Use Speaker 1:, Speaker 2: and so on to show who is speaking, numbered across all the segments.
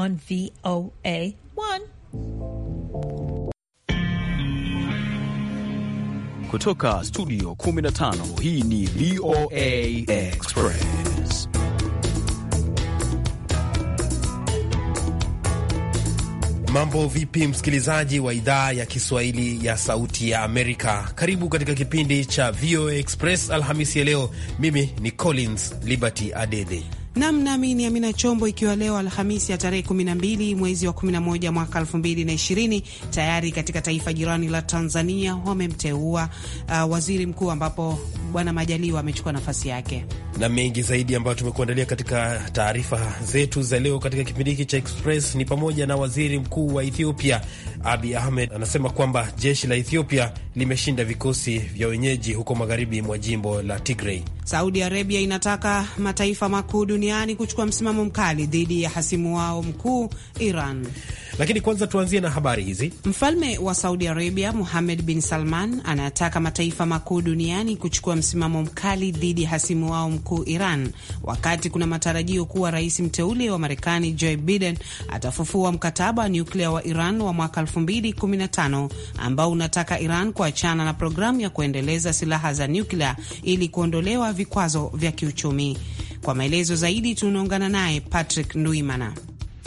Speaker 1: on VOA
Speaker 2: 1 kutoka studio 15. Hii ni VOA
Speaker 3: Express. Mambo vipi, msikilizaji wa idhaa ya Kiswahili ya Sauti ya Amerika? Karibu katika kipindi cha VOA Express Alhamisi ya leo. Mimi ni Collins Liberty Adede
Speaker 4: Nam nami ni Amina Chombo, ikiwa leo Alhamisi ya tarehe 12 mwezi wa 11 mwaka 2020, tayari katika taifa jirani la Tanzania wamemteua uh, waziri mkuu ambapo Bwana Majaliwa amechukua nafasi yake
Speaker 3: na mengi zaidi ambayo tumekuandalia katika taarifa zetu za leo katika kipindi hiki cha Express ni pamoja na waziri mkuu wa Ethiopia Abi Ahmed anasema kwamba jeshi la Ethiopia limeshinda vikosi vya wenyeji huko magharibi mwa jimbo la Tigray.
Speaker 4: Saudi Arabia inataka mataifa makuu duniani kuchukua msimamo mkali dhidi ya hasimu wao mkuu Iran
Speaker 3: lakini kwanza tuanzie na habari hizi.
Speaker 4: Mfalme wa Saudi Arabia Muhamed bin Salman anataka mataifa makuu duniani kuchukua msimamo mkali dhidi ya hasimu wao mkuu Iran, wakati kuna matarajio kuwa rais mteule wa Marekani Joe Biden atafufua mkataba wa nyuklia wa Iran wa mwaka 2015 ambao unataka Iran kuachana na programu ya kuendeleza silaha za nyuklia ili kuondolewa vikwazo vya
Speaker 5: kiuchumi.
Speaker 4: Kwa maelezo zaidi tunaungana naye Patrick Nduimana.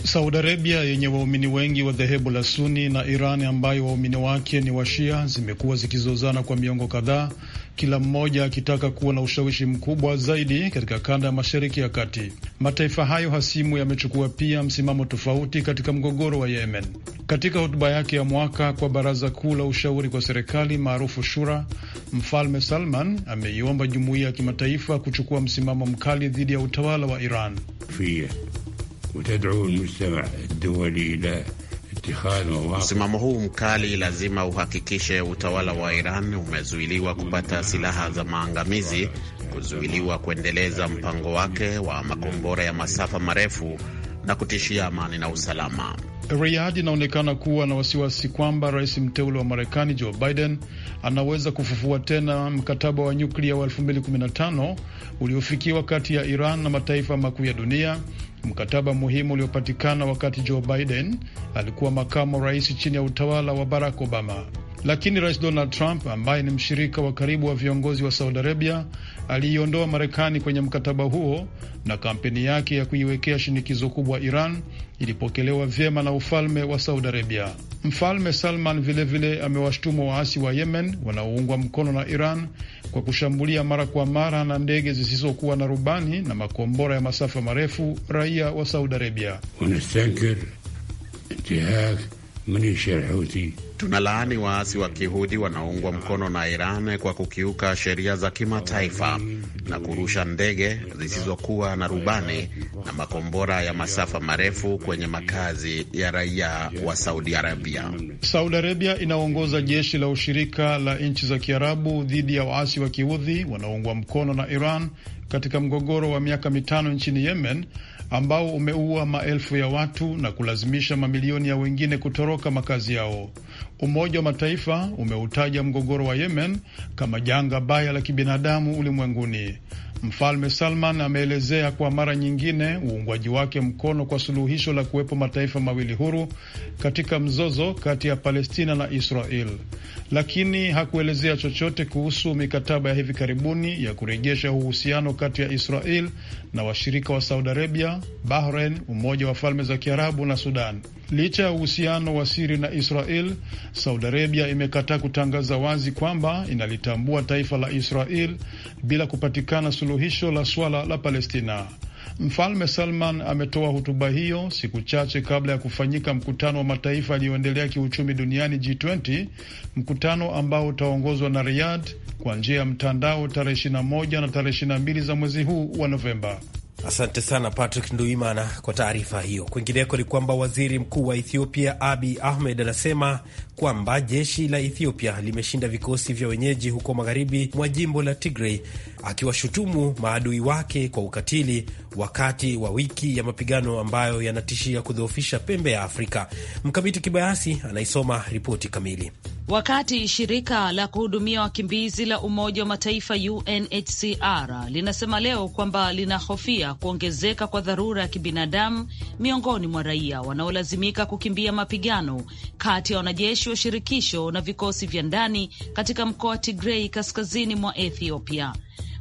Speaker 5: Saudi Arabia yenye waumini wengi wa dhehebu la Suni na Iran ambayo waumini wake ni Washia zimekuwa zikizozana kwa miongo kadhaa, kila mmoja akitaka kuwa na ushawishi mkubwa zaidi katika kanda ya Mashariki ya Kati. Mataifa hayo hasimu yamechukua pia msimamo tofauti katika mgogoro wa Yemen. Katika hotuba yake ya mwaka kwa Baraza Kuu la Ushauri kwa Serikali maarufu Shura, Mfalme Salman ameiomba jumuiya ya kimataifa kuchukua msimamo mkali dhidi ya utawala wa Iran
Speaker 2: Fie. Msimamo huu mkali lazima uhakikishe utawala wa Iran umezuiliwa kupata silaha za maangamizi, kuzuiliwa kuendeleza mpango wake wa makombora ya masafa marefu na kutishia amani na usalama.
Speaker 5: Riyadh inaonekana kuwa na wasiwasi kwamba rais mteule wa Marekani Joe Biden anaweza kufufua tena mkataba wa nyuklia wa 2015 uliofikiwa kati ya Iran na mataifa makuu ya dunia, mkataba muhimu uliopatikana wakati Joe Biden alikuwa makamu rais chini ya utawala wa Barack Obama. Lakini rais Donald Trump ambaye ni mshirika wa karibu wa viongozi wa Saudi Arabia aliiondoa Marekani kwenye mkataba huo, na kampeni yake ya kuiwekea shinikizo kubwa Iran ilipokelewa vyema na ufalme wa Saudi Arabia. Mfalme Salman vilevile amewashtumu waasi wa Yemen wanaoungwa mkono na Iran kwa kushambulia mara kwa mara na ndege zisizokuwa na rubani na makombora ya masafa marefu raia wa Saudi Arabia.
Speaker 2: Tunalaani waasi wa kihudi wanaoungwa mkono na Iran kwa kukiuka sheria za kimataifa na kurusha ndege zisizokuwa na rubani na makombora ya masafa marefu kwenye makazi ya raia wa Saudi Arabia.
Speaker 5: Saudi Arabia inaongoza jeshi la ushirika la nchi za Kiarabu dhidi ya waasi wa kihudhi wanaoungwa mkono na Iran katika mgogoro wa miaka mitano nchini Yemen ambao umeua maelfu ya watu na kulazimisha mamilioni ya wengine kutoroka makazi yao. Umoja wa Mataifa umeutaja mgogoro wa Yemen kama janga baya la kibinadamu ulimwenguni. Mfalme Salman ameelezea kwa mara nyingine uungwaji wake mkono kwa suluhisho la kuwepo mataifa mawili huru katika mzozo kati ya Palestina na Israel, lakini hakuelezea chochote kuhusu mikataba ya hivi karibuni ya kurejesha uhusiano kati ya Israel na washirika wa Saudi Arabia, Bahrain, Umoja wa Falme za Kiarabu na Sudan. Licha ya uhusiano wa siri na Israel, Saudi Arabia imekataa kutangaza wazi kwamba inalitambua taifa la Israel bila kupatikana suluhisho la suala la Palestina. Mfalme Salman ametoa hotuba hiyo siku chache kabla ya kufanyika mkutano wa mataifa yaliyoendelea kiuchumi duniani G20, mkutano ambao utaongozwa na Riyadh kwa njia ya mtandao tarehe 21 na tarehe 22 za mwezi huu wa Novemba.
Speaker 3: Asante sana Patrick Nduimana kwa taarifa hiyo. Kwingineko ni kwamba waziri mkuu wa Ethiopia Abi Ahmed anasema kwamba jeshi la Ethiopia limeshinda vikosi vya wenyeji huko magharibi mwa jimbo la Tigray, akiwashutumu maadui wake kwa ukatili wakati wa wiki ya mapigano ambayo yanatishia kudhoofisha pembe ya Afrika. Mkamiti Kibayasi anaisoma ripoti kamili.
Speaker 1: Wakati shirika la kuhudumia wakimbizi la Umoja wa Mataifa UNHCR linasema leo kwamba linahofia kuongezeka kwa dharura ya kibinadamu miongoni mwa raia wanaolazimika kukimbia mapigano kati ya wanajeshi wa shirikisho na vikosi vya ndani katika mkoa wa Tigrei kaskazini mwa Ethiopia.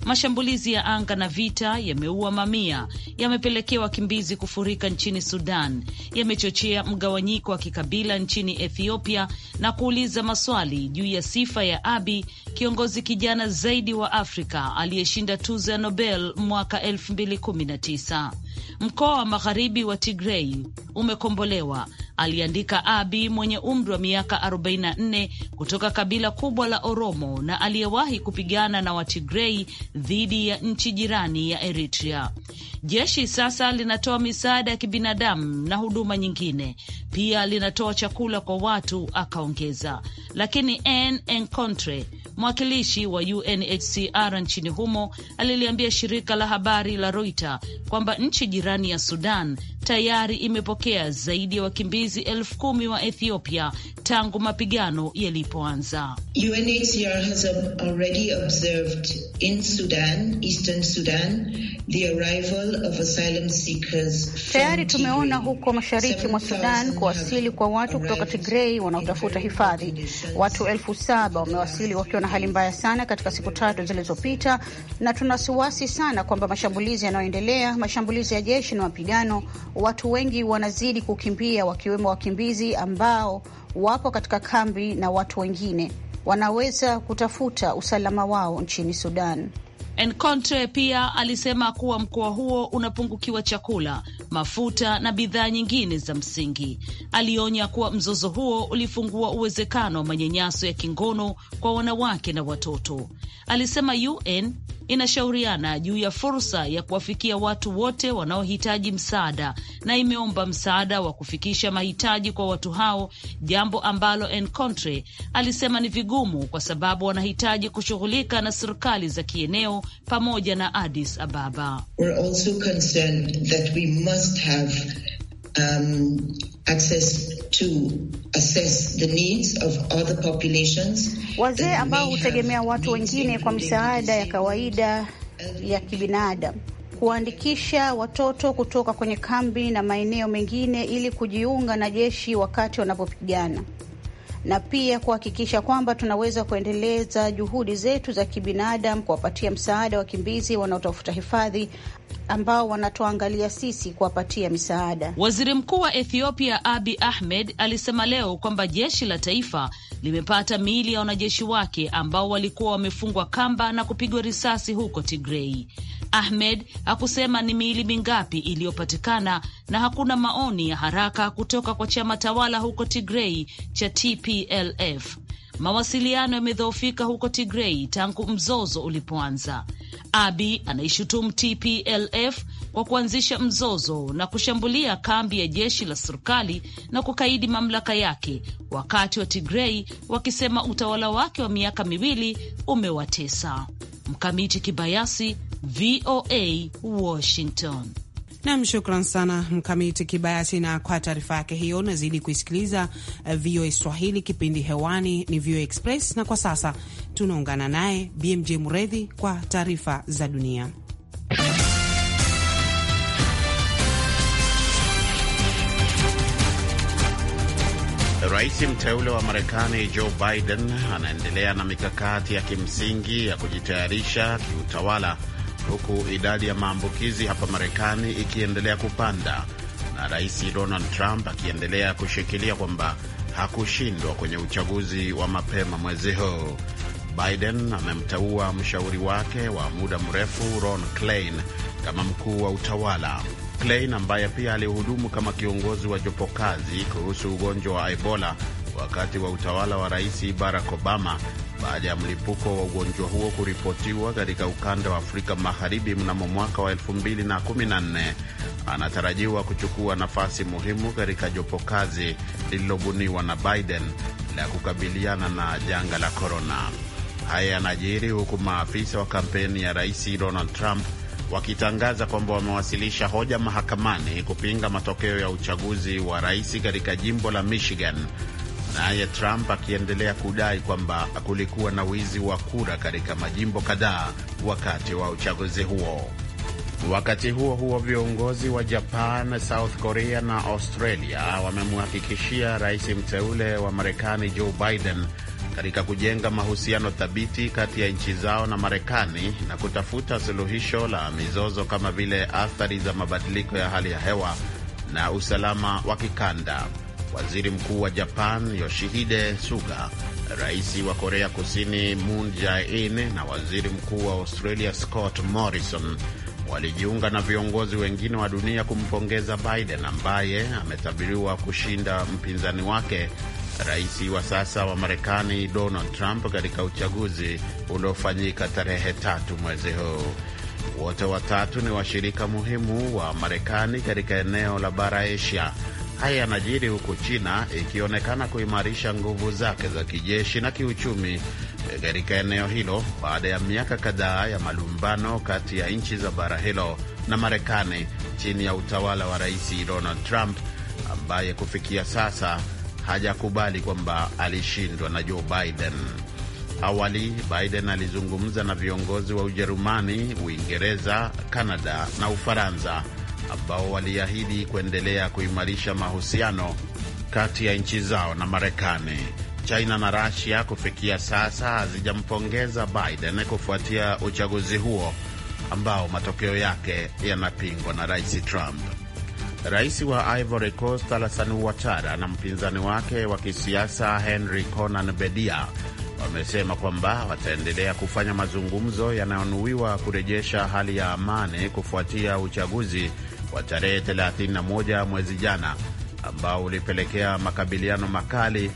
Speaker 1: Mashambulizi ya anga na vita yameua mamia, yamepelekea wakimbizi kufurika nchini Sudan, yamechochea mgawanyiko wa kikabila nchini Ethiopia na kuuliza maswali juu ya sifa ya Abi kiongozi kijana zaidi wa Afrika aliyeshinda tuzo ya Nobel mwaka 2019. Mkoa wa magharibi wa Tigrei umekombolewa, aliandika Abi mwenye umri wa miaka 44 kutoka kabila kubwa la Oromo na aliyewahi kupigana na Watigrei dhidi ya nchi jirani ya Eritrea. Jeshi sasa linatoa misaada ya kibinadamu na huduma nyingine, pia linatoa chakula kwa watu, akaongeza. Lakini Anne Encontre Mwakilishi wa UNHCR nchini humo aliliambia shirika la habari la Reuters kwamba nchi jirani ya Sudan tayari imepokea zaidi ya wa wakimbizi elfu kumi wa Ethiopia tangu mapigano yalipoanza.
Speaker 6: UNHCR has already observed in Sudan, Eastern Sudan, the arrival of asylum seekers. Tayari tumeona huko mashariki mwa Sudan kuwasili kwa watu kutoka Tigrei wanaotafuta hifadhi. Watu elfu saba wamewasili wakiwa na hali mbaya sana katika siku tatu zilizopita, na tuna wasiwasi sana kwamba mashambulizi yanayoendelea, mashambulizi ya jeshi na mapigano, watu wengi wanazidi kukimbia, wakiwemo wakimbizi ambao wapo katika kambi na watu wengine wanaweza kutafuta usalama wao nchini Sudan.
Speaker 1: Encontre pia alisema kuwa mkoa huo unapungukiwa chakula, mafuta na bidhaa nyingine za msingi. Alionya kuwa mzozo huo ulifungua uwezekano wa manyanyaso ya kingono kwa wanawake na watoto. Alisema UN inashauriana juu ya fursa ya kuwafikia watu wote wanaohitaji msaada na imeomba msaada wa kufikisha mahitaji kwa watu hao, jambo ambalo Encontre alisema ni vigumu kwa sababu wanahitaji kushughulika na serikali za kieneo pamoja na Addis
Speaker 6: Ababa. We're also concerned that we must have, um, access to assess the needs of other populations. Wazee ambao hutegemea watu wengine kwa misaada ya kawaida ya kibinadamu kuwaandikisha watoto kutoka kwenye kambi na maeneo mengine ili kujiunga na jeshi wakati wanapopigana na pia kuhakikisha kwamba tunaweza kuendeleza juhudi zetu za kibinadamu kuwapatia msaada wakimbizi wanaotafuta hifadhi ambao wanatuangalia sisi kuwapatia misaada.
Speaker 1: Waziri Mkuu wa Ethiopia Abi Ahmed alisema leo kwamba jeshi la taifa limepata miili ya wanajeshi wake ambao walikuwa wamefungwa kamba na kupigwa risasi huko Tigrei. Ahmed hakusema ni miili mingapi iliyopatikana na hakuna maoni ya haraka kutoka kwa chama tawala huko Tigrei cha TPLF. Mawasiliano yamedhoofika huko Tigrei tangu mzozo ulipoanza. Abi anaishutumu TPLF wa kuanzisha mzozo na kushambulia kambi ya jeshi la serikali na kukaidi mamlaka yake, wakati wa Tigrei wakisema utawala wake wa miaka miwili umewatesa. Mkamiti Kibayasi, VOA, Washington. Nam, shukran sana Mkamiti Kibayasi na kwa taarifa
Speaker 4: yake hiyo. Unazidi kuisikiliza uh, eh, VOA Swahili, kipindi hewani ni VOA Express, na kwa sasa tunaungana naye BMJ Mredhi kwa taarifa za dunia.
Speaker 2: Rais mteule wa Marekani Joe Biden anaendelea na mikakati ya kimsingi ya kujitayarisha kiutawala, huku idadi ya maambukizi hapa Marekani ikiendelea kupanda na Rais Donald Trump akiendelea kushikilia kwamba hakushindwa kwenye uchaguzi wa mapema mwezi huu. Biden amemteua mshauri wake wa muda mrefu Ron Klain kama mkuu wa utawala. Klein ambaye pia alihudumu kama kiongozi wa jopo kazi kuhusu ugonjwa wa Ebola wakati wa utawala wa Rais Barack Obama baada ya mlipuko wa ugonjwa huo kuripotiwa katika ukanda wa Afrika Magharibi mnamo mwaka wa 2014 anatarajiwa kuchukua nafasi muhimu katika jopo kazi lililobuniwa na Biden la kukabiliana na janga la korona. Haya yanajiri huku maafisa wa kampeni ya Rais Donald Trump wakitangaza kwamba wamewasilisha hoja mahakamani kupinga matokeo ya uchaguzi wa rais katika jimbo la Michigan, naye Trump akiendelea kudai kwamba kulikuwa na wizi wa kura katika majimbo kadhaa wakati wa uchaguzi huo. Wakati huo huo, viongozi wa Japan, South Korea na Australia wamemhakikishia rais mteule wa Marekani Joe Biden katika kujenga mahusiano thabiti kati ya nchi zao na Marekani na kutafuta suluhisho la mizozo kama vile athari za mabadiliko ya hali ya hewa na usalama wa kikanda. Waziri Mkuu wa Japan Yoshihide Suga, Rais wa Korea Kusini Moon Jae-in na Waziri Mkuu wa Australia Scott Morrison walijiunga na viongozi wengine wa dunia kumpongeza Biden ambaye ametabiriwa kushinda mpinzani wake rais wa sasa wa Marekani Donald Trump katika uchaguzi uliofanyika tarehe tatu mwezi huu. Wote watatu ni washirika muhimu wa Marekani katika eneo la bara Asia. Haya yanajiri huku China ikionekana kuimarisha nguvu zake za kijeshi na kiuchumi katika eneo hilo baada ya miaka kadhaa ya malumbano kati ya nchi za bara hilo na Marekani chini ya utawala wa Rais Donald Trump ambaye kufikia sasa hajakubali kwamba alishindwa na Joe Biden. Awali Biden alizungumza na viongozi wa Ujerumani, Uingereza, Kanada na Ufaransa ambao waliahidi kuendelea kuimarisha mahusiano kati ya nchi zao na Marekani. China na Rasia kufikia sasa hazijampongeza Biden kufuatia uchaguzi huo ambao matokeo yake yanapingwa na Rais Trump. Rais wa Ivory Coast Alassane Ouattara na mpinzani wake wa kisiasa Henry Konan Bedia wamesema kwamba wataendelea kufanya mazungumzo yanayonuiwa kurejesha hali ya amani kufuatia uchaguzi wa tarehe 31 mwezi jana ambao ulipelekea makabiliano makali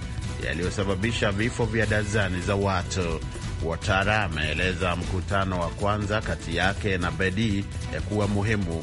Speaker 2: yaliyosababisha vifo vya dazani za watu. watara ameeleza mkutano wa kwanza kati yake na Bedi ya kuwa muhimu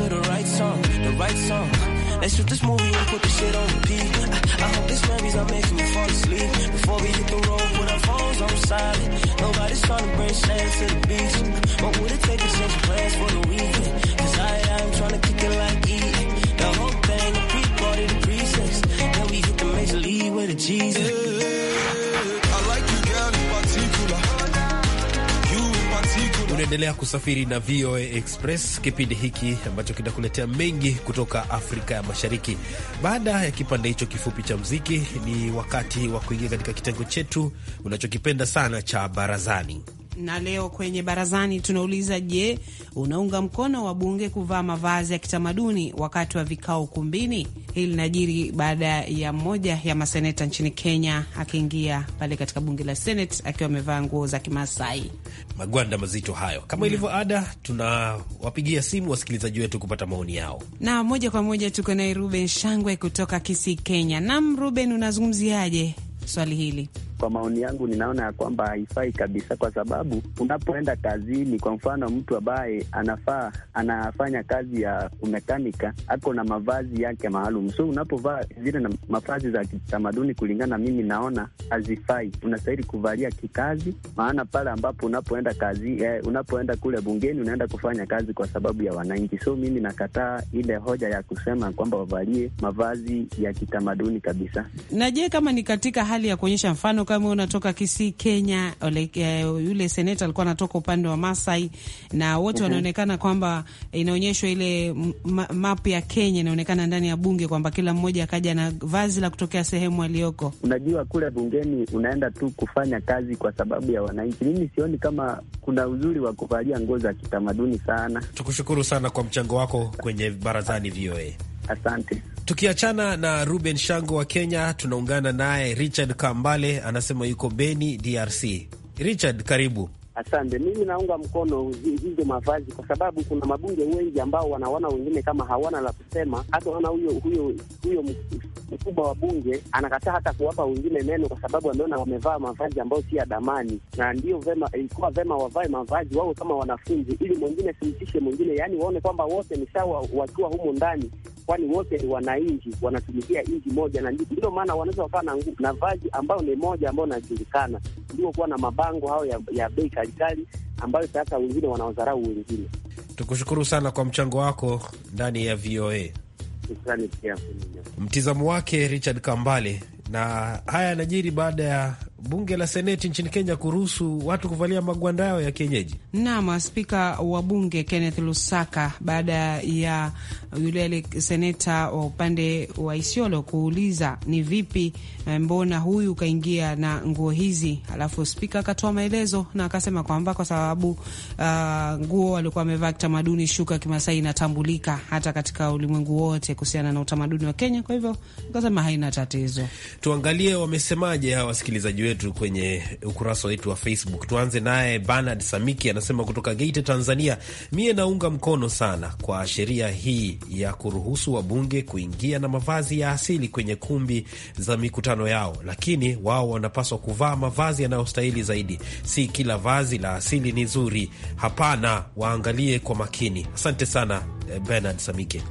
Speaker 3: to the right song, the right song. Let's shoot this movie and put this shit on repeat. I, I hope
Speaker 7: these memories are making me fall asleep. Before we hit the road Put our phones on silent. Nobody's trying to bring sand to the beach. What would it take to change plans for the weekend? Cause I, I'm trying to kick it like E. The whole thing, a pre-party, the pre Then we hit the major league with a Jesus.
Speaker 3: Unaendelea kusafiri na VOA Express, kipindi hiki ambacho kinakuletea mengi kutoka Afrika ya Mashariki. Baada ya kipande hicho kifupi cha mziki, ni wakati wa kuingia katika kitengo chetu unachokipenda sana cha barazani.
Speaker 4: Na leo kwenye barazani tunauliza, je, unaunga mkono wa bunge kuvaa mavazi ya kitamaduni wakati wa vikao ukumbini. Hili linajiri baada ya mmoja ya maseneta nchini Kenya akiingia pale katika bunge la Senate akiwa amevaa nguo za Kimasai,
Speaker 3: magwanda mazito hayo. Kama mm. ilivyo ada, tunawapigia simu wasikilizaji wetu kupata
Speaker 8: maoni yao,
Speaker 4: na moja kwa moja tuko naye Ruben Shangwe kutoka Kisii, Kenya. Nam Ruben,
Speaker 8: unazungumziaje swali hili? kwa maoni yangu ninaona ya kwamba haifai kabisa, kwa sababu unapoenda kazini, kwa mfano mtu ambaye anafaa anafanya kazi ya umekanika ako na mavazi yake maalum, so unapovaa zile mavazi za kitamaduni, kulingana mimi naona hazifai. Unastahili kuvalia kikazi, maana pale ambapo unapoenda kazi eh, unapoenda kule bungeni unaenda kufanya kazi kwa sababu ya wananchi. So mimi nakataa ile hoja ya kusema kwamba wavalie mavazi ya kitamaduni kabisa.
Speaker 4: Na je, kama ni katika hali ya kuonyesha mfano kama unatoka Kisii, Kenya, eh, yule seneta alikuwa anatoka upande wa Masai na wote mm -hmm. wanaonekana kwamba inaonyeshwa ile map ya Kenya inaonekana ndani ya bunge kwamba kila mmoja akaja na vazi la kutokea sehemu
Speaker 8: aliyoko. Unajua kule bungeni unaenda tu kufanya kazi kwa sababu ya wananchi. Mimi sioni kama kuna uzuri wa kuvalia nguo za kitamaduni sana.
Speaker 3: Tukushukuru sana kwa mchango wako kwenye barazani VOA. Asante. Tukiachana na Ruben Shango wa Kenya, tunaungana naye Richard Kambale, anasema yuko Beni, DRC. Richard, karibu.
Speaker 8: Asante, mimi naunga mkono hizo mavazi, kwa sababu kuna mabunge wengi ambao wanaona wengine kama hawana la kusema. Hata naona huyo huyo huyo mkubwa wa bunge anakataa hata kuwapa wengine neno, kwa sababu ameona wamevaa mavazi ambayo si ya damani, na ndio vema, ilikuwa vema wavae mavazi wao kama wanafunzi, ili mwingine simtishe mwingine, yaani waone kwamba wote ni sawa wakiwa humo ndani, kwani wote ni wananchi, wanatumikia nchi moja, na ndio maana wanaweza wakawa na vazi ambayo ni moja ambayo inajulikana, ndio kuwa na mabango hayo ya, ya bei serikali ambayo sasa wengine wanawadharau wengine.
Speaker 3: Tukushukuru sana kwa mchango wako ndani ya VOA. Mtizamo wake Richard Kambale. Na haya yanajiri baada ya bunge la seneti nchini Kenya kuruhusu watu kuvalia magwanda yao ya kienyeji.
Speaker 4: Naam, spika wa bunge Kenneth Lusaka, baada ya yule seneta wa upande wa Isiolo kuuliza ni vipi, eh, mbona huyu kaingia na nguo hizi, alafu spika akatoa maelezo na akasema kwamba kwa sababu uh, nguo walikuwa wamevaa kitamaduni, shuka kimasai inatambulika hata katika ulimwengu wote kuhusiana na utamaduni wa Kenya, kwa hivyo akasema haina tatizo.
Speaker 3: Tuangalie wamesemaje hawa wasikilizaji yetu kwenye ukurasa wetu wa Facebook. Tuanze naye Bernard Samiki anasema kutoka Geita, Tanzania, mie naunga mkono sana kwa sheria hii ya kuruhusu wabunge kuingia na mavazi ya asili kwenye kumbi za mikutano yao, lakini wao wanapaswa kuvaa mavazi yanayostahili zaidi. Si kila vazi la asili ni zuri, hapana, waangalie kwa makini. Asante sana eh, Bernard Samike.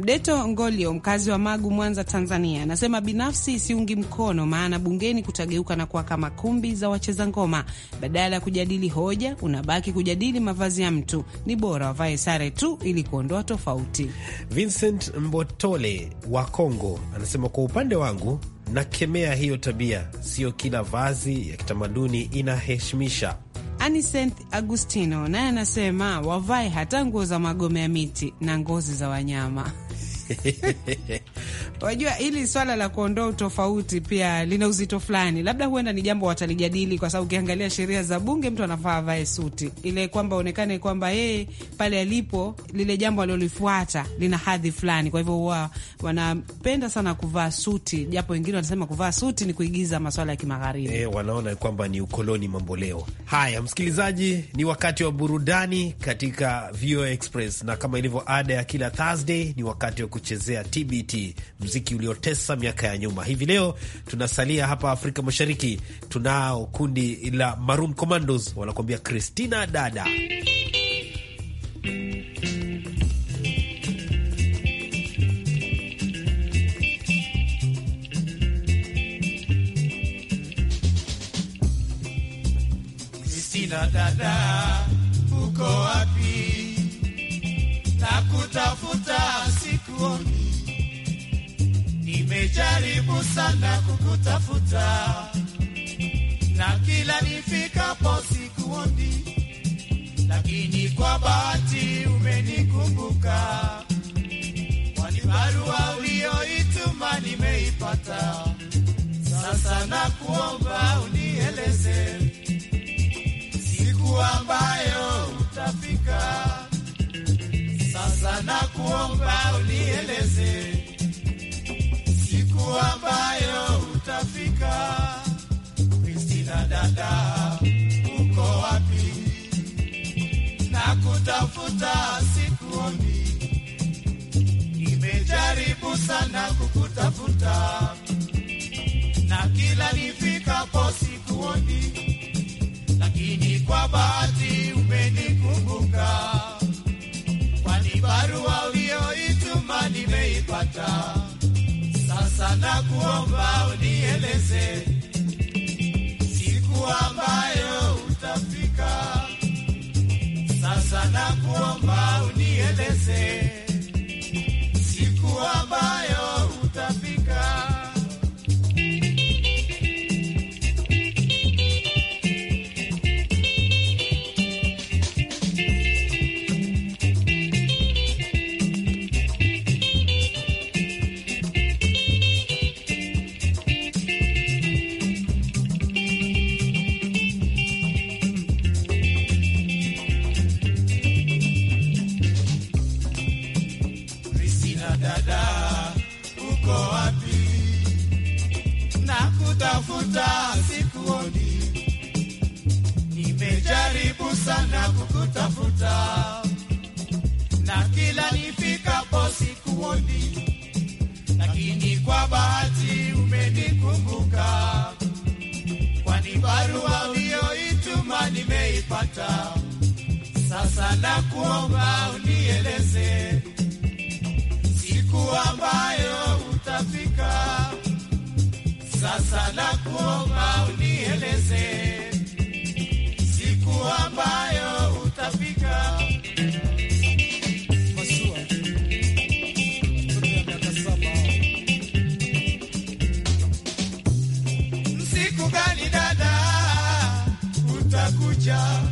Speaker 4: Mdeto Ngolio, mkazi wa Magu, Mwanza, Tanzania, anasema binafsi siungi mkono, maana bungeni kutageuka na kuwa kama kumbi za wacheza ngoma. Badala ya kujadili hoja, unabaki kujadili mavazi ya mtu. Ni bora wavae sare tu ili kuondoa tofauti.
Speaker 3: Vincent Mbotole wa Kongo anasema kwa upande wangu nakemea hiyo tabia, siyo kila vazi ya kitamaduni inaheshimisha.
Speaker 4: Anisent Agustino naye anasema wavae hata nguo za magome ya miti na ngozi za wanyama. Wajua, hili swala la kuondoa utofauti pia lina uzito fulani, labda huenda ni jambo watalijadili, kwa sababu ukiangalia sheria za bunge mtu anafaa avae suti, ile kwamba onekane kwamba yeye pale alipo, lile jambo alilolifuata lina hadhi fulani. Kwa hivyo huwa wanapenda sana kuvaa suti, japo wengine wanasema kuvaa
Speaker 3: suti ni kuigiza maswala ya kimagharibi. E, wanaona kwamba ni ukoloni mamboleo. Haya, msikilizaji, ni wakati wa burudani katika VOA Express, na kama ilivyo ada ya kila Thursday ni wakati wa kuchezea TBT, mziki uliotesa miaka ya nyuma. Hivi leo tunasalia hapa Afrika Mashariki, tunao kundi la Maroon Commandos wanakuambia Christina dada
Speaker 7: Christina dada, uko wapi? Nakutafuta nguo, nimejaribu sana kukutafuta, na kila nifikapo sikuoni, lakini kwa bahati umenikumbuka. Barua uliyoituma nimeipata, sasa nakuomba unieleze siku ambayo utafika sana kuomba unieleze siku ambayo utafika. Kristina dada, uko wapi? na kutafuta sikuoni, nimejaribu sana kukutafuta na kila nifikapo sikuoni, lakini kwa bahati umenikumbuka barua ulioituma nimeipata, sasa nakuomba unie sasa, sasa na kuomba unieleze siku ambayo utafika. Sasa na unieleze siku ambayo utafika. Siku gani dada utakuja?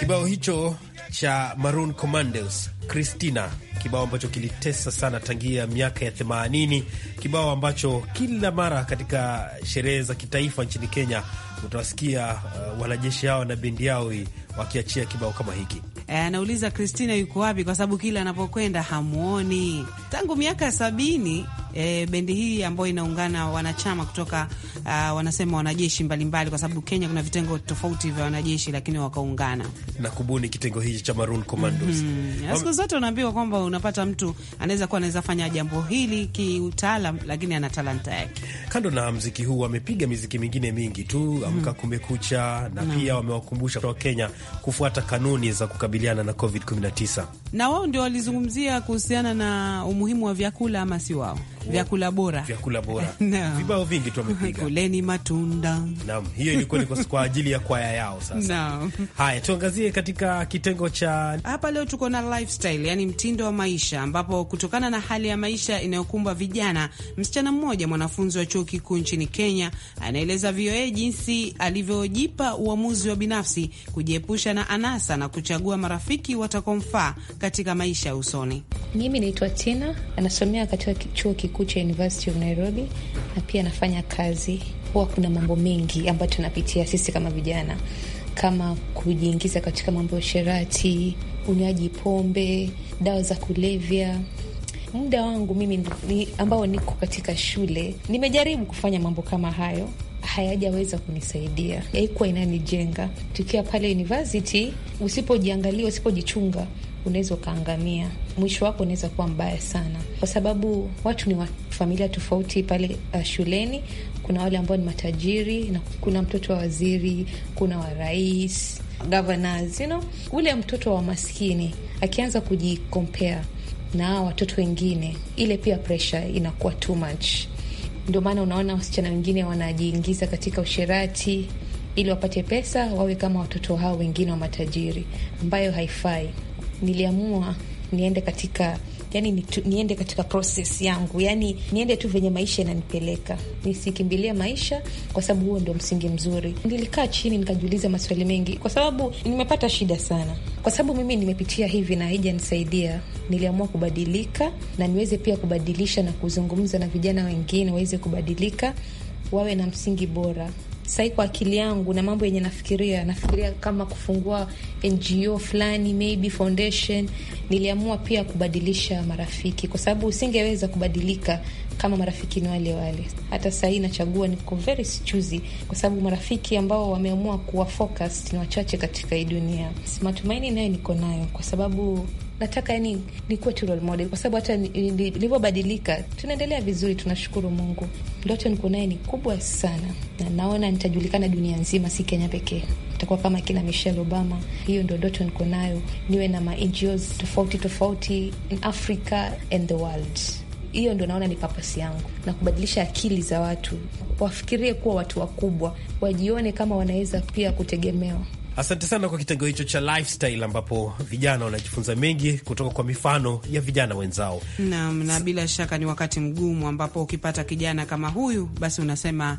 Speaker 7: Kibao
Speaker 3: hicho cha Maroon Commandos Christina, kibao ambacho kilitesa sana tangia miaka ya 80, kibao ambacho kila mara katika sherehe za kitaifa nchini Kenya utawasikia uh, wanajeshi hao na bendi yao hii wakiachia kibao kama hiki.
Speaker 4: Anauliza eh, Christina yuko wapi, kwa sababu kila anapokwenda hamwoni tangu miaka sabini e, bendi hii ambayo inaungana wanachama kutoka uh, wanasema wanajeshi mbalimbali, kwa sababu Kenya kuna vitengo tofauti vya wanajeshi, lakini wakaungana
Speaker 3: na kubuni kitengo hichi cha Maroon Commandos.
Speaker 4: Mm-hmm. Siku
Speaker 3: zote unaambiwa
Speaker 4: kwamba unapata mtu anaweza kuwa anaweza fanya jambo hili kiutaalam, lakini ana talanta yake.
Speaker 3: Kando na mziki huu, wamepiga miziki mingine mingi tu, Amka mhm. Kumekucha na pia wamewakumbusha Kenya kufuata kanuni za kukabiliana na COVID-19.
Speaker 4: Na wao ndio walizungumzia kuhusiana na umuhimu wa vyakula, ama si wao?
Speaker 3: vyakula bora, vyakula bora no. Vibao vingi tu amepiga, kuleni matunda naam. Hiyo ilikuwa ni kwa ajili ya kwaya yao. Sasa naam, Haya, tuangazie katika kitengo cha
Speaker 4: hapa leo. Tuko na lifestyle, yani mtindo wa maisha, ambapo kutokana na hali ya maisha inayokumba vijana, msichana mmoja mwanafunzi wa chuo kikuu nchini Kenya anaeleza VOA jinsi alivyojipa uamuzi wa binafsi kujiepusha na anasa na kuchagua marafiki watakomfaa katika maisha ya usoni.
Speaker 9: Mimi naitwa Tina, anasomea katika chuo kikuu kikuu cha University of Nairobi, na pia nafanya kazi. Huwa kuna mambo mengi ambayo tunapitia sisi kama vijana, kama kujiingiza katika mambo ya sherati, unywaji pombe, dawa za kulevya. Muda wangu mimi ni ambao niko katika shule, nimejaribu kufanya mambo kama hayo, hayajaweza kunisaidia, haikuwa inanijenga. Tukiwa pale university, usipojiangalia, usipojichunga, unaweza ukaangamia mwisho wako unaweza kuwa mbaya sana, kwa sababu watu ni wa familia tofauti pale uh, shuleni. Kuna wale ambao ni matajiri na kuna mtoto wa waziri, kuna wa rais, governors, you know? Ule mtoto wa maskini akianza kujikompea na watoto wengine, ile pia pressure inakuwa too much. Ndio maana unaona wasichana wengine wanajiingiza katika usherati ili wapate pesa wawe kama watoto hao wengine wa matajiri, ambayo haifai. Niliamua niende katika yani nitu, niende katika proses yangu, yani niende tu venye maisha inanipeleka, nisikimbilie maisha, kwa sababu huo ndio msingi mzuri. Nilikaa chini nikajiuliza maswali mengi, kwa sababu nimepata shida sana, kwa sababu mimi nimepitia hivi na haijanisaidia. Niliamua kubadilika na niweze pia kubadilisha na kuzungumza na vijana wengine waweze kubadilika, wawe na msingi bora sahii kwa akili yangu na mambo yenye nafikiria, nafikiria kama kufungua NGO fulani, maybe foundation. Niliamua pia kubadilisha marafiki, kwa sababu usingeweza kubadilika kama marafiki ni wale wale. Hata sahii nachagua, niko very choosy, kwa sababu marafiki ambao wameamua kuwa focused ni wachache katika hii dunia. Matumaini nayo niko nayo, kwa sababu nataka yani nikuwe tu role model, kwa sababu hata nilivyobadilika, tunaendelea vizuri, tunashukuru Mungu. Ndoto niko naye ni kubwa sana, na naona nitajulikana dunia nzima, si Kenya pekee. takuwa kama kina Michelle Obama. Hiyo ndio ndoto niko nayo, niwe na ma NGOs tofauti tofauti in Africa and the world. Hiyo ndo naona ni papasi yangu, na kubadilisha akili za watu, wafikirie kuwa watu wakubwa, wajione kama wanaweza pia kutegemewa.
Speaker 3: Asante sana kwa kitengo hicho cha lifestyle, ambapo vijana wanajifunza mengi kutoka kwa mifano ya vijana wenzao. Naam, na bila shaka ni wakati mgumu ambapo ukipata kijana kama huyu, basi unasema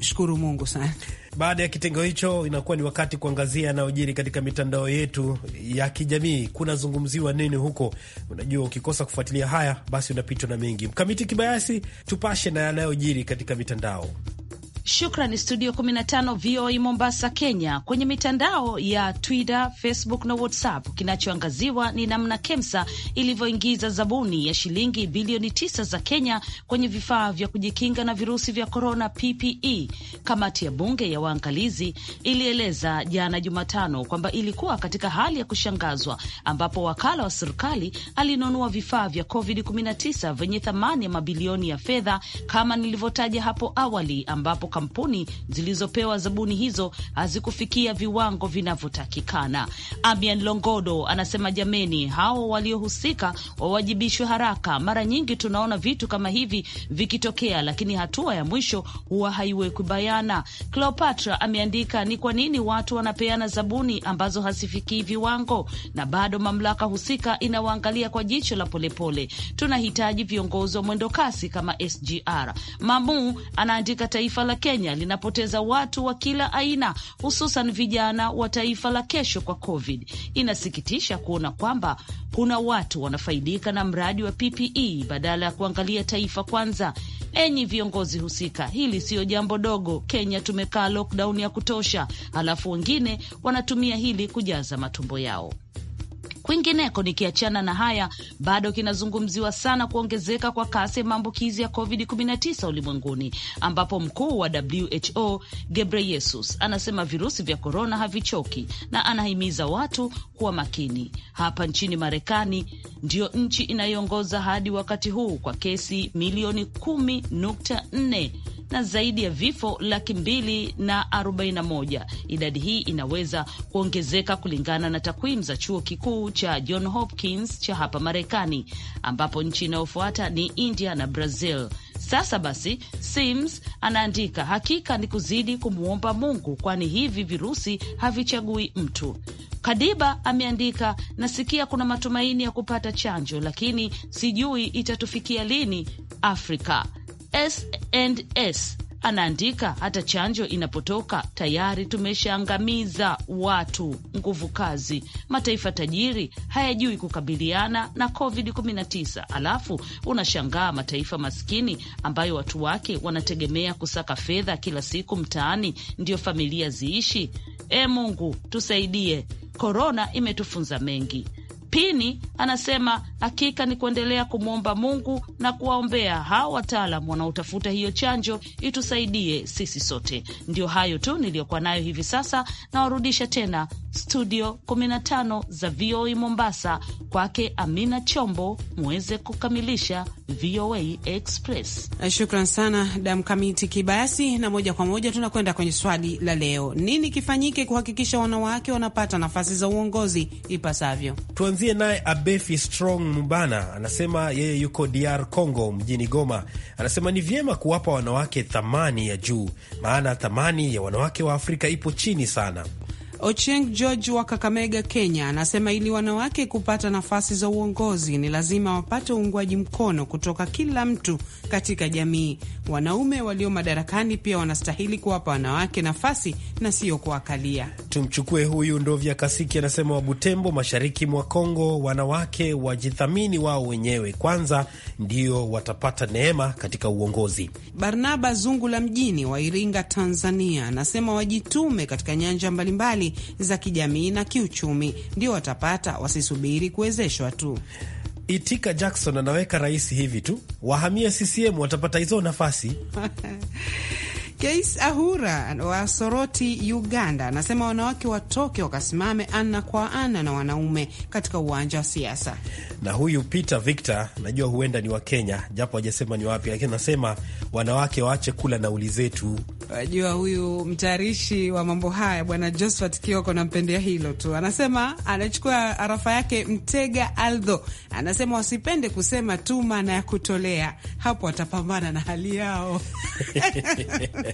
Speaker 3: shukuru Mungu sana. Baada ya kitengo hicho, inakuwa ni wakati kuangazia yanayojiri katika mitandao yetu ya kijamii. Kunazungumziwa nini huko? Unajua, ukikosa kufuatilia haya, basi unapitwa na mengi. Mkamiti Kibayasi, tupashe na yanayojiri katika mitandao.
Speaker 1: Shukrani studio 15 VOA Mombasa, Kenya. Kwenye mitandao ya Twitter, Facebook na WhatsApp, kinachoangaziwa ni namna KEMSA ilivyoingiza zabuni ya shilingi bilioni 9 za Kenya kwenye vifaa vya kujikinga na virusi vya korona, PPE. Kamati ya bunge ya waangalizi ilieleza jana Jumatano kwamba ilikuwa katika hali ya kushangazwa, ambapo wakala wa serikali alinunua vifaa vya COVID-19 vyenye thamani ya mabilioni ya fedha kama nilivyotaja hapo awali, ambapo kampuni zilizopewa zabuni hizo hazikufikia viwango vinavyotakikana. Amian Longodo anasema jameni, hao waliohusika wawajibishwe haraka. Mara nyingi tunaona vitu kama hivi vikitokea, lakini hatua ya mwisho huwa haiwekwi bayana. Cleopatra ameandika, ni kwa nini watu wanapeana zabuni ambazo hazifikii viwango na bado mamlaka husika inawaangalia kwa jicho la polepole? Tunahitaji viongozi wa mwendokasi kama SGR. Mamu anaandika taifa la Kenya linapoteza watu wa kila aina, hususan vijana wa taifa la kesho kwa COVID. Inasikitisha kuona kwamba kuna watu wanafaidika na mradi wa PPE badala ya kuangalia taifa kwanza. Enyi viongozi husika, hili siyo jambo dogo. Kenya tumekaa lockdown ya kutosha, halafu wengine wanatumia hili kujaza matumbo yao. Kwingineko, nikiachana na haya, bado kinazungumziwa sana kuongezeka kwa kasi ya maambukizi ya COVID-19 ulimwenguni, ambapo mkuu wa WHO Gebreyesus anasema virusi vya korona havichoki na anahimiza watu kuwa makini. Hapa nchini Marekani ndiyo nchi inayoongoza hadi wakati huu kwa kesi milioni 10.4 na zaidi ya vifo laki mbili na arobaini na moja. Idadi hii inaweza kuongezeka kulingana na takwimu za chuo kikuu cha John Hopkins cha hapa Marekani, ambapo nchi inayofuata ni India na Brazil. Sasa basi, Sims anaandika, hakika ni kuzidi kumwomba Mungu, kwani hivi virusi havichagui mtu. Kadiba ameandika, nasikia kuna matumaini ya kupata chanjo, lakini sijui itatufikia lini Afrika. S&S anaandika hata chanjo inapotoka tayari tumeshaangamiza watu nguvu kazi. Mataifa tajiri hayajui kukabiliana na COVID-19, alafu unashangaa mataifa maskini ambayo watu wake wanategemea kusaka fedha kila siku mtaani ndiyo familia ziishi. E Mungu tusaidie. Korona imetufunza mengi, Pini anasema hakika ni kuendelea kumwomba Mungu na kuwaombea hawa wataalam wanaotafuta hiyo chanjo, itusaidie sisi sote. ndio hayo tu niliyokuwa nayo hivi sasa, nawarudisha tena studio 15 za VOA e Mombasa, kwake Amina Chombo mweze kukamilisha VOA e Express.
Speaker 4: Eh, shukran sana Damkamiti Kibayasi, na moja kwa moja tunakwenda kwenye swali la leo: nini kifanyike kuhakikisha wanawake wanapata nafasi za uongozi ipasavyo?
Speaker 3: Tuanzie naye Abefi Strong Mbana, anasema yeye yuko DR Congo, mjini Goma. Anasema ni vyema kuwapa wanawake thamani ya juu, maana thamani ya wanawake wa Afrika ipo chini sana.
Speaker 4: Ocheng George wa Kakamega, Kenya, anasema ili wanawake kupata nafasi za uongozi ni lazima wapate uungwaji mkono kutoka kila mtu katika jamii. Wanaume walio madarakani pia wanastahili kuwapa wanawake nafasi
Speaker 3: na siyo kuwakalia. Tumchukue huyu Ndovya Kasiki, anasema wa Butembo, mashariki mwa Kongo, wanawake wajithamini wao wenyewe kwanza, ndio watapata neema katika uongozi. Barnaba Zungu la mjini wa Iringa, Tanzania, anasema wajitume
Speaker 4: katika nyanja mbalimbali mbalimbali za kijamii na kiuchumi, ndio watapata, wasisubiri
Speaker 3: kuwezeshwa tu. Itika Jackson anaweka rais hivi tu, wahamia CCM watapata hizo nafasi
Speaker 4: Keis Ahura wa Soroti, Uganda, anasema wanawake watoke wakasimame ana kwa ana na wanaume katika uwanja
Speaker 3: wa siasa. Na huyu Peter Victor, najua huenda ni wa Kenya, japo hajasema ni wapi, lakini anasema wanawake waache kula nauli zetu. Najua huyu mtayarishi
Speaker 4: wa mambo haya bwana Josphat Kioko, nampendea hilo tu. Anasema anachukua arafa yake Mtega Aldo, anasema wasipende kusema tu maana ya kutolea, hapo watapambana na hali yao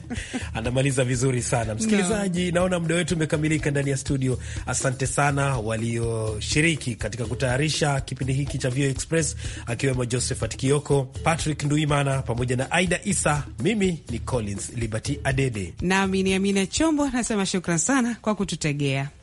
Speaker 3: anamaliza vizuri sana msikilizaji. No. Naona muda wetu umekamilika ndani ya studio. Asante sana walioshiriki katika kutayarisha kipindi hiki cha VOA Express, akiwemo Josephat Kioko, Patrick Nduimana pamoja na Aida Isa. Mimi ni Collins Liberty Adede
Speaker 4: nami ni Amina Chombo, nasema shukran sana kwa kututegea.